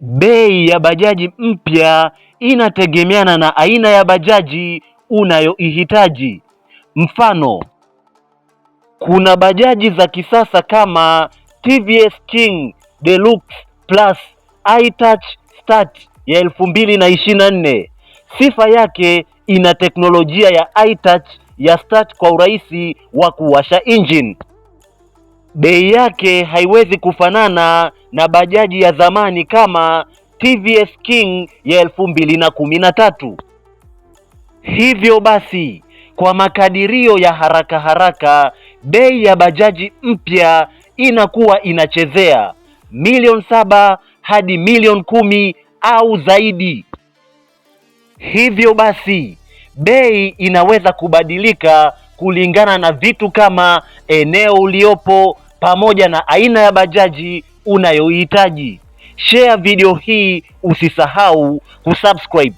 Bei ya bajaji mpya inategemeana na aina ya bajaji unayoihitaji. Mfano, kuna bajaji za kisasa kama TVS King Deluxe Plus iTouch Start ya 2024. Sifa yake ina teknolojia ya iTouch ya start kwa urahisi wa kuwasha engine bei yake haiwezi kufanana na bajaji ya zamani kama TVS King ya elfu mbili na kumi na tatu. Hivyo basi kwa makadirio ya haraka haraka, bei ya bajaji mpya inakuwa inachezea milioni saba hadi milioni kumi au zaidi. Hivyo basi bei inaweza kubadilika kulingana na vitu kama eneo uliopo, pamoja na aina ya bajaji unayohitaji. Share video hii, usisahau kusubscribe.